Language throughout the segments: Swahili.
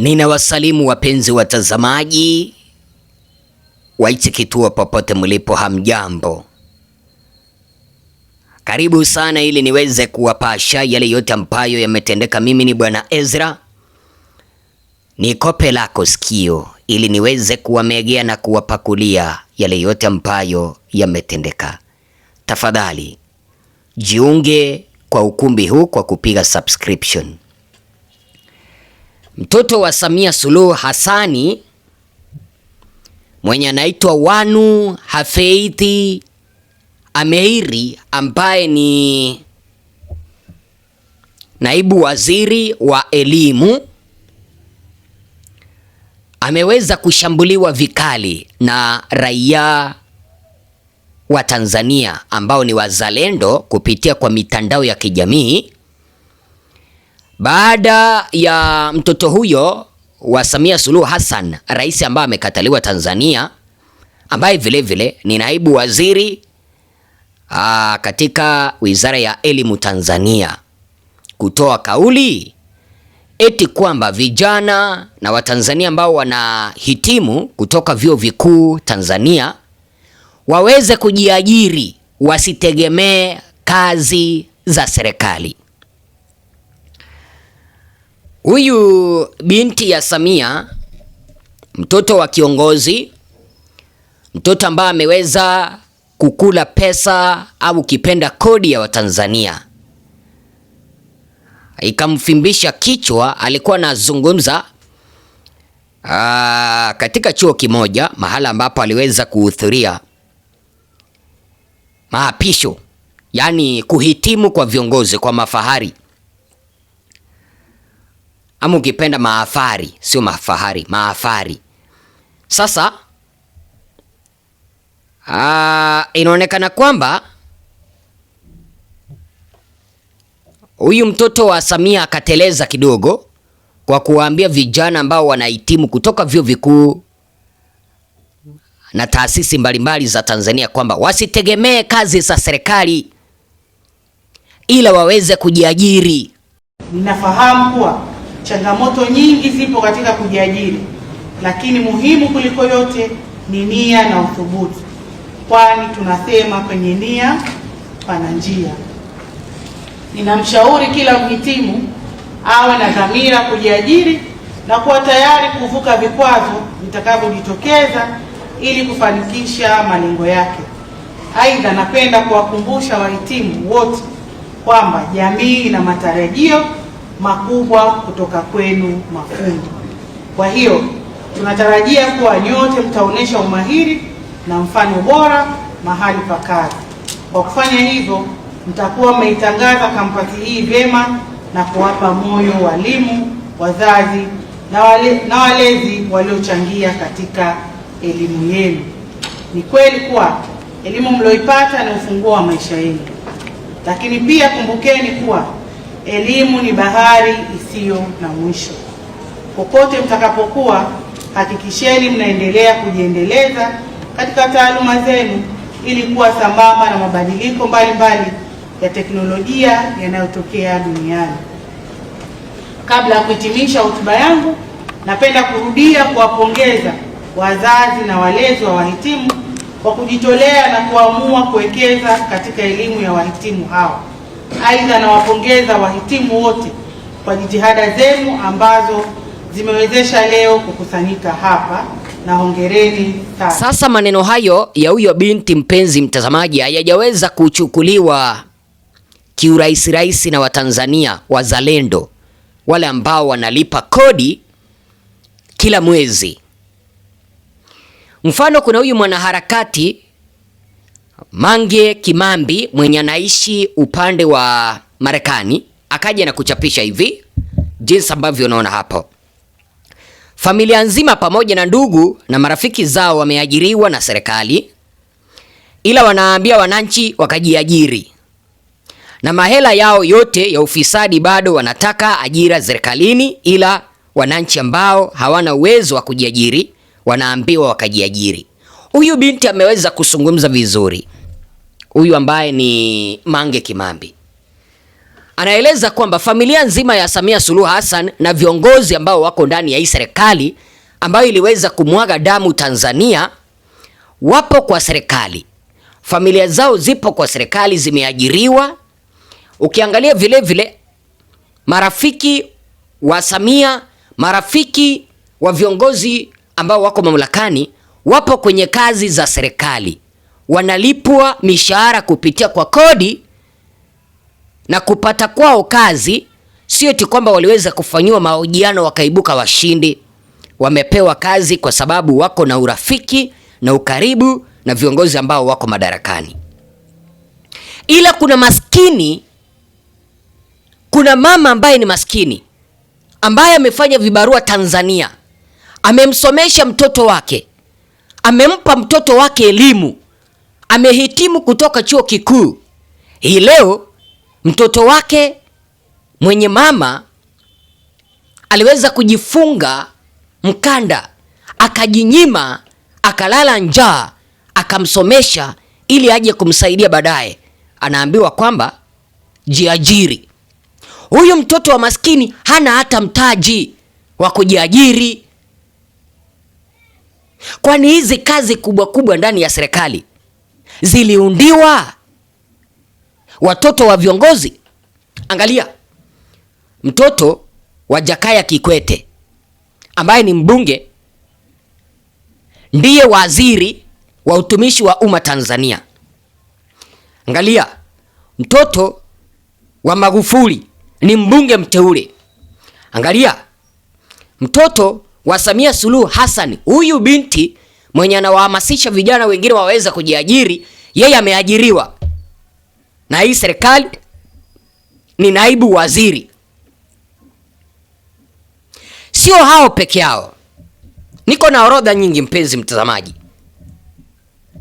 Ninawasalimu wapenzi watazamaji waiti kituo popote mlipo, hamjambo? Karibu sana ili niweze kuwapasha yale yote ambayo yametendeka. Mimi ni Bwana Ezra, ni kope lako sikio ili niweze kuwamegea na kuwapakulia yale yote ambayo yametendeka. Tafadhali jiunge kwa ukumbi huu kwa kupiga subscription. Mtoto wa Samia Suluhu hasani mwenye anaitwa Wanu hafeithi Ameiri ambaye ni naibu waziri wa elimu ameweza kushambuliwa vikali na raia wa Tanzania ambao ni wazalendo kupitia kwa mitandao ya kijamii baada ya mtoto huyo wa Samia Suluhu Hassan, rais ambaye amekataliwa Tanzania, ambaye vilevile vile ni naibu waziri aa, ah, katika Wizara ya Elimu Tanzania kutoa kauli eti kwamba vijana na Watanzania ambao wanahitimu kutoka vyuo vikuu Tanzania waweze kujiajiri, wasitegemee kazi za serikali. Huyu binti ya Samia, mtoto wa kiongozi, mtoto ambaye ameweza kukula pesa au kipenda kodi ya Watanzania ikamfimbisha kichwa. Alikuwa anazungumza katika chuo kimoja, mahala ambapo aliweza kuhudhuria maapisho, yaani kuhitimu kwa viongozi kwa mafahari ama ukipenda maafari, sio mafahari, maafari. Sasa ah, inaonekana kwamba huyu mtoto wa Samia akateleza kidogo kwa kuwaambia vijana ambao wanahitimu kutoka vyuo vikuu na taasisi mbalimbali za Tanzania kwamba wasitegemee kazi za serikali ila waweze kujiajiri. Ninafahamu kuwa Changamoto nyingi zipo katika kujiajiri, lakini muhimu kuliko yote ni nia na uthubutu, kwani tunasema kwenye nia pana njia. Ninamshauri kila mhitimu awe na dhamira kujiajiri na kuwa tayari kuvuka vikwazo vitakavyojitokeza ili kufanikisha malengo yake. Aidha, napenda kuwakumbusha wahitimu wote kwamba jamii ina matarajio makubwa kutoka kwenu mafundi. Kwa hiyo tunatarajia kuwa nyote mtaonyesha umahiri na mfano bora mahali pa kazi. Kwa kufanya hivyo, mtakuwa mmeitangaza kampasi hii vyema na kuwapa moyo walimu, wazazi na, wale, na walezi waliochangia katika elimu yenu. Ni kweli kuwa elimu mlioipata ni ufunguo wa maisha yenu, lakini pia kumbukeni kuwa Elimu ni bahari isiyo na mwisho. Popote mtakapokuwa, hakikisheni mnaendelea kujiendeleza katika taaluma zenu ili kuwa sambamba na mabadiliko mbalimbali ya teknolojia yanayotokea duniani. Kabla ya kuhitimisha hotuba yangu, napenda kurudia kuwapongeza wazazi na walezi wa wahitimu kwa kujitolea na kuamua kuwekeza katika elimu ya wahitimu hao. Aidha, nawapongeza wahitimu wote kwa jitihada zenu ambazo zimewezesha leo kukusanyika hapa na hongereni sana. Sasa maneno hayo ya huyo binti, mpenzi mtazamaji, hayajaweza kuchukuliwa kiurahisi rahisi na Watanzania wazalendo wale ambao wanalipa kodi kila mwezi. Mfano, kuna huyu mwanaharakati Mange Kimambi mwenye anaishi upande wa Marekani akaja na kuchapisha hivi jinsi ambavyo unaona hapo. Familia nzima pamoja na ndugu na marafiki zao wameajiriwa na serikali, ila wanaambia wananchi wakajiajiri, na mahela yao yote ya ufisadi bado wanataka ajira serikalini, ila wananchi ambao hawana uwezo wa kujiajiri wanaambiwa wakajiajiri. Huyu binti ameweza kuzungumza vizuri, huyu ambaye ni Mange Kimambi anaeleza kwamba familia nzima ya Samia Suluhu Hassan na viongozi ambao wako ndani ya hii serikali ambayo iliweza kumwaga damu Tanzania wapo kwa serikali, familia zao zipo kwa serikali, zimeajiriwa. Ukiangalia vile vile marafiki wa Samia, marafiki wa viongozi ambao wako mamlakani wapo kwenye kazi za serikali, wanalipwa mishahara kupitia kwa kodi, na kupata kwao kazi sio tu kwamba waliweza kufanyiwa mahojiano wakaibuka washindi. Wamepewa kazi kwa sababu wako na urafiki na ukaribu na viongozi ambao wako madarakani. Ila kuna maskini, kuna mama ambaye ni maskini ambaye amefanya vibarua Tanzania, amemsomesha mtoto wake amempa mtoto wake elimu, amehitimu kutoka chuo kikuu. Hii leo mtoto wake mwenye mama aliweza kujifunga mkanda, akajinyima, akalala njaa, akamsomesha ili aje kumsaidia baadaye. Anaambiwa kwamba jiajiri. Huyu mtoto wa maskini hana hata mtaji wa kujiajiri. Kwani hizi kazi kubwa kubwa ndani ya serikali ziliundiwa watoto wa viongozi? Angalia mtoto wa Jakaya Kikwete ambaye ni mbunge, ndiye waziri wa utumishi wa umma Tanzania. Angalia mtoto wa Magufuli ni mbunge mteule. Angalia mtoto wa Samia Suluhu Hassan, huyu binti mwenye anawahamasisha vijana wengine waweza kujiajiri, yeye ameajiriwa na hii serikali, ni naibu waziri. Sio hao peke yao, niko na orodha nyingi, mpenzi mtazamaji,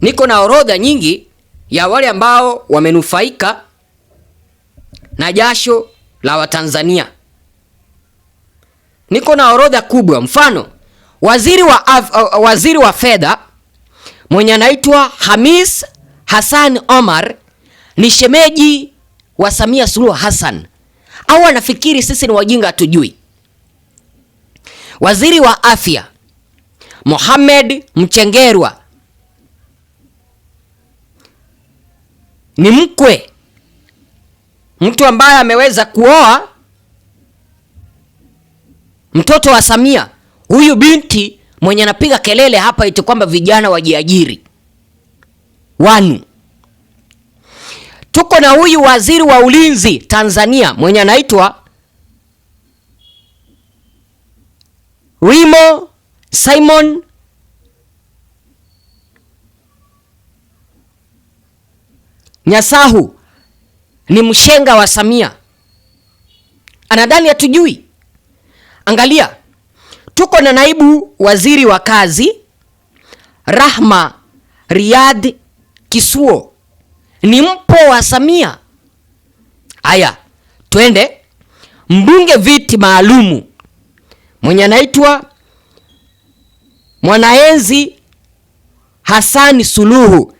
niko na orodha nyingi ya wale ambao wamenufaika na jasho la Watanzania niko na orodha kubwa. Mfano, waziri wa, uh, uh, waziri wa fedha mwenye anaitwa Hamis Hassan Omar ni shemeji wa Samia Suluhu Hassan, au anafikiri sisi ni wajinga hatujui? Waziri wa afya Mohamed Mchengerwa ni mkwe, mtu ambaye ameweza kuoa mtoto wa Samia, huyu binti mwenye anapiga kelele hapa eti kwamba vijana wajiajiri wanu. Tuko na huyu waziri wa ulinzi Tanzania mwenye anaitwa Rimo Simon Nyasahu, ni mshenga wa Samia, anadhani hatujui. Angalia, tuko na naibu waziri wa kazi Rahma Riyadh Kisuo ni mpo wa Samia. Haya, twende mbunge viti maalumu mwenye anaitwa Mwanaenzi Hasani Suluhu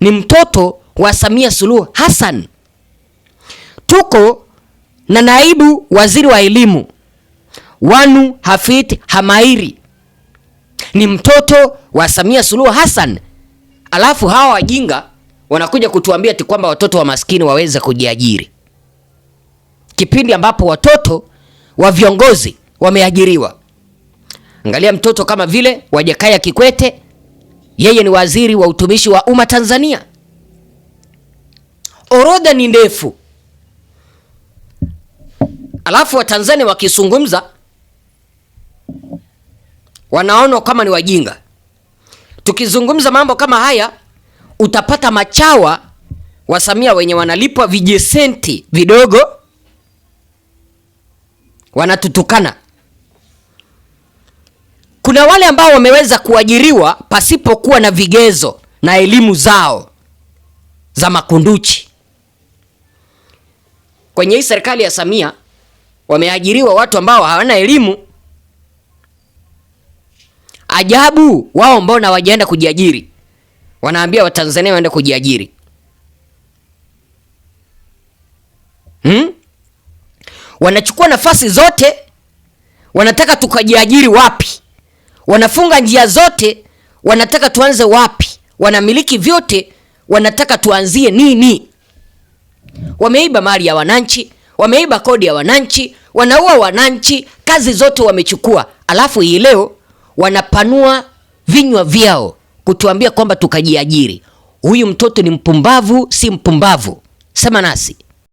ni mtoto wa Samia Suluhu Hassan. Tuko na naibu waziri wa elimu Wanu hafit Hamairi ni mtoto wa Samia Suluhu Hassan, alafu hawa wajinga wanakuja kutuambia ti kwamba watoto wa maskini waweze kujiajiri, kipindi ambapo watoto wa viongozi wameajiriwa. Angalia mtoto kama vile wa Jakaya Kikwete, yeye ni waziri wa utumishi wa umma Tanzania. Orodha ni ndefu, alafu Watanzania wakizungumza wanaonwa kama ni wajinga. Tukizungumza mambo kama haya, utapata machawa wa Samia wenye wanalipwa vijesenti vidogo wanatutukana. Kuna wale ambao wameweza kuajiriwa pasipokuwa na vigezo na elimu zao za makunduchi. Kwenye hii serikali ya Samia wameajiriwa watu ambao hawana elimu Ajabu wao mbona wajaenda kujiajiri, wanaambia Watanzania waende kujiajiri hmm? Wanachukua nafasi zote, wanataka tukajiajiri wapi? Wanafunga njia zote, wanataka tuanze wapi? Wanamiliki vyote, wanataka tuanzie nini? Wameiba mali ya wananchi, wameiba kodi ya wananchi, wanaua wananchi, kazi zote wamechukua, alafu hii leo wanapanua vinywa vyao kutuambia kwamba tukajiajiri. Huyu mtoto ni mpumbavu, si mpumbavu. Sema nasi.